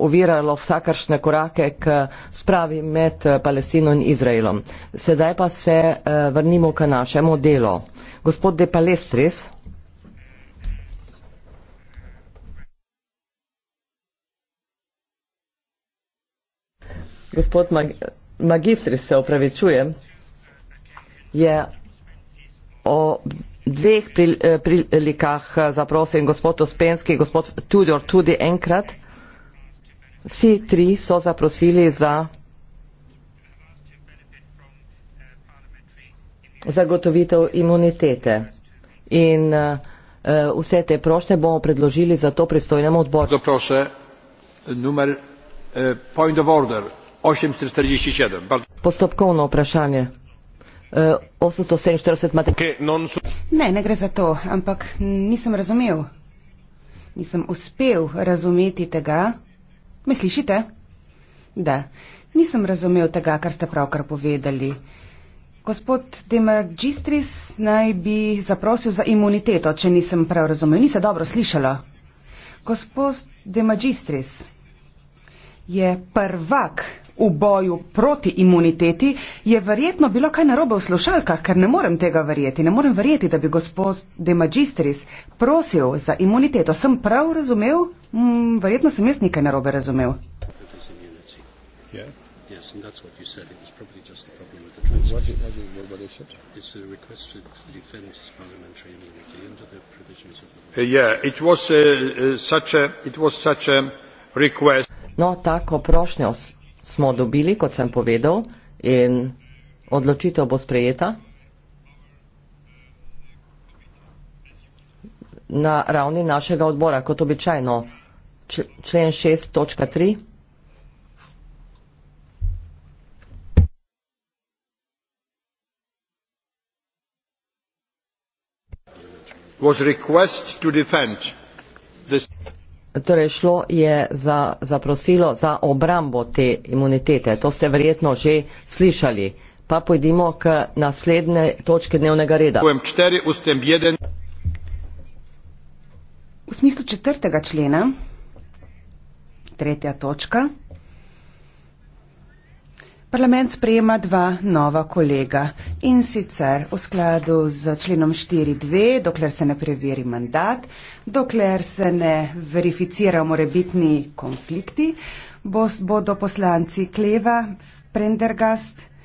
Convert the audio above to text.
oviralo vsakršne korake k spravi med eh, Palestino in Izraelom. Sedaj pa se eh, vrnimo k našemu delu. Gospod De Palestris. Gospod Mag Magistris, se opravičujem, je o dveh eh, prilikah pri zaprosil gospod Ospenski, gospod Tudor, tudi enkrat. Vsi tri so zaprosili za zagotovitev imunitete. In uh, vse te prošte bomo predložili za to pristojnemu odboru. Zaprose, numer, uh, point of order, 847. Postopkovno vprašanje. Uh, 847 okay, ne, ne gre za to, ampak nisem razumel. Nisem uspel razumeti tega, Me slišite? Da, nisem razumel tega, kar ste pravkar povedali. Gospod Demagistris naj bi zaprosil za imuniteto, če nisem prav razumel. Ni se dobro slišalo. Gospod Demagistris je prvak v boju proti imuniteti, je verjetno bilo kaj narobe v slušalkah, ker ne morem tega verjeti. Ne morem verjeti, da bi gospod De Magistris prosil za imuniteto. Sem prav razumel? Mm, verjetno sem jaz nekaj narobe razumel. No, tako prošnjo smo dobili, kot sem povedal, in odločitev bo sprejeta. na ravni našega odbora, kot običajno člen 6.3. Was request to defend. Torej, šlo je za zaprosilo za obrambo te imunitete. To ste verjetno že slišali. Pa pojdimo k naslednje točke dnevnega reda. V smislu četrtega člena, tretja točka, parlament sprejema dva nova kolega in sicer v skladu z členom 4.2, dokler se ne preveri mandat, dokler se ne verificira morebitni konflikti, bodo poslanci Kleva, Prendergast,